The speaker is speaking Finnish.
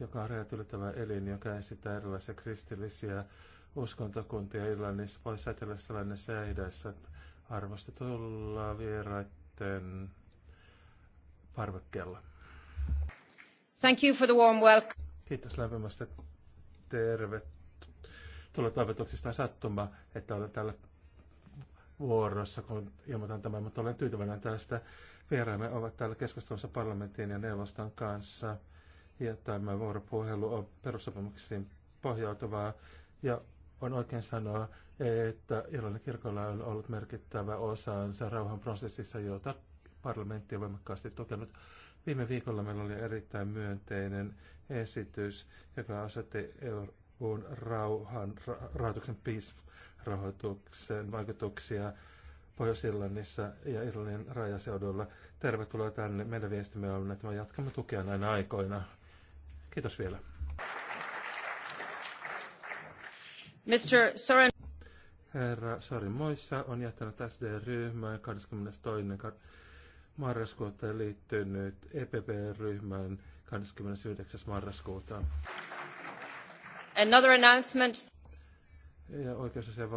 joka on rajat ylittävä elin, joka esittää erilaisia kristillisiä uskontokuntia Irlannissa, pois sellainen ja että arvostetulla vieraiden parvekkeella. Thank you for the warm welcome. Kiitos lämpimästä tervetuloa toivotuksista sattuma, että olet täällä vuorossa, kun ilmoitan tämän, mutta olen tyytyväinen tästä. Vieraamme ovat täällä keskustelussa parlamentin ja neuvoston kanssa. Ja tämä vuoropuhelu on perussopimuksiin pohjautuvaa. Ja on oikein sanoa, että Irlannin kirkolla on ollut merkittävä osansa prosessissa, jota parlamentti on voimakkaasti tukenut. Viime viikolla meillä oli erittäin myönteinen esitys, joka asetti EUn rauhan, rahoituksen PIS-rahoituksen vaikutuksia Pohjois-Irlannissa ja Irlannin rajaseudulla. Tervetuloa tänne. Meidän viestimme on, että me jatkamme tukea näinä aikoina. Kiitos vielä. Mr. Soren. Herra Sari Moissa on jättänyt SD-ryhmän 22. marraskuuta ja liittynyt EPP-ryhmään 29. marraskuuta. Another announcement. Ja oikeusasian